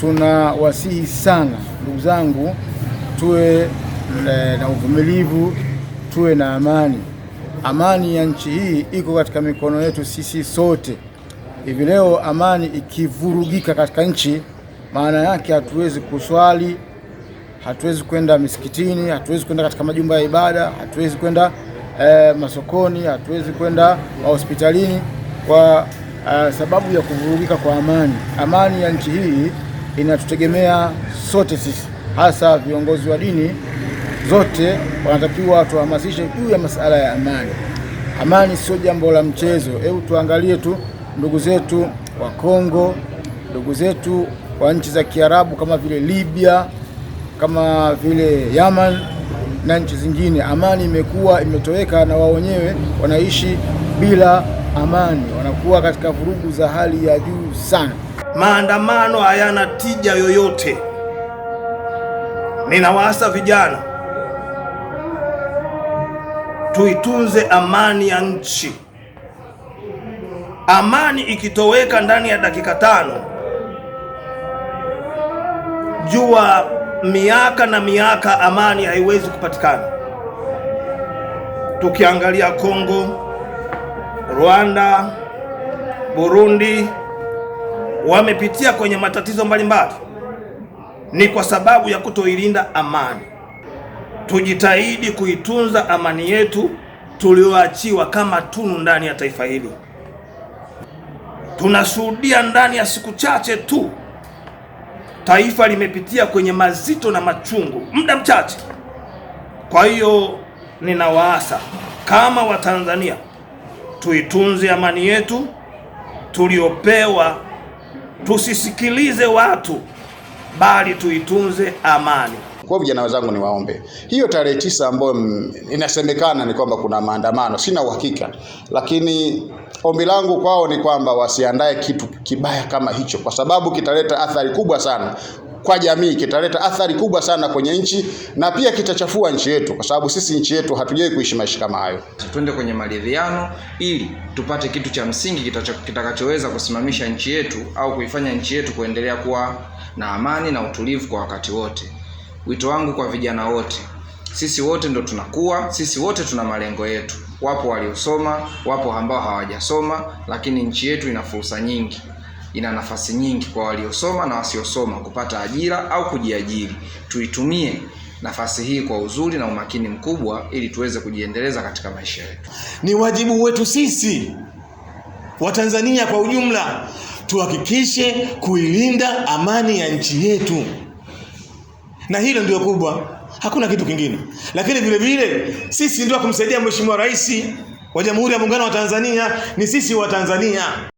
tunawasihi sana ndugu zangu, tuwe eh, na uvumilivu, tuwe na amani. Amani ya nchi hii iko katika mikono yetu sisi sote. Hivi leo amani ikivurugika katika nchi, maana yake hatuwezi kuswali, hatuwezi kwenda misikitini, hatuwezi kwenda katika majumba ya ibada, hatuwezi kwenda eh, masokoni, hatuwezi kwenda hospitalini kwa eh, sababu ya kuvurugika kwa amani. Amani ya nchi hii inatutegemea sote sisi, hasa viongozi wa dini zote wanatakiwa tuhamasishe juu ya masala ya amani. Amani sio jambo la mchezo. Hebu tuangalie tu ndugu zetu wa Kongo, ndugu zetu wa nchi za Kiarabu kama vile Libya, kama vile Yaman na nchi zingine, amani imekuwa imetoweka, na wao wenyewe wanaishi bila amani, wanakuwa katika vurugu za hali ya juu sana maandamano hayana tija yoyote. Ninawaasa vijana, tuitunze amani ya nchi. Amani ikitoweka ndani ya dakika tano, jua miaka na miaka, amani haiwezi kupatikana. Tukiangalia Kongo, Rwanda, Burundi wamepitia kwenye matatizo mbalimbali ni kwa sababu ya kutoilinda amani. Tujitahidi kuitunza amani yetu tulioachiwa kama tunu ndani ya taifa hili. Tunashuhudia ndani ya siku chache tu taifa limepitia kwenye mazito na machungu muda mchache. Kwa hiyo ninawaasa kama Watanzania tuitunze amani yetu tuliopewa tusisikilize watu, bali tuitunze amani. Kwa vijana wenzangu, niwaombe hiyo tarehe tisa ambayo inasemekana ni kwamba kuna maandamano, sina uhakika, lakini ombi langu kwao ni kwamba wasiandae kitu kibaya kama hicho, kwa sababu kitaleta athari kubwa sana kwa jamii kitaleta athari kubwa sana kwenye nchi na pia kitachafua nchi yetu, kwa sababu sisi nchi yetu hatujawahi kuishi maisha kama hayo. Tuende kwenye maridhiano ili tupate kitu cha msingi kitakachoweza kusimamisha nchi yetu au kuifanya nchi yetu kuendelea kuwa na amani na utulivu kwa wakati wote. Wito wangu kwa vijana wote, sisi wote ndo tunakuwa, sisi wote tuna malengo yetu. Wapo waliosoma, wapo ambao hawajasoma, lakini nchi yetu ina fursa nyingi ina nafasi nyingi kwa waliosoma na wasiosoma kupata ajira au kujiajiri. Tuitumie nafasi hii kwa uzuri na umakini mkubwa ili tuweze kujiendeleza katika maisha yetu. Ni wajibu wetu sisi Watanzania kwa ujumla tuhakikishe kuilinda amani ya nchi yetu, na hilo ndio kubwa, hakuna kitu kingine. Lakini vile vile sisi ndio kumsaidia Mheshimiwa Rais wa Jamhuri ya Muungano wa Tanzania, ni sisi Watanzania.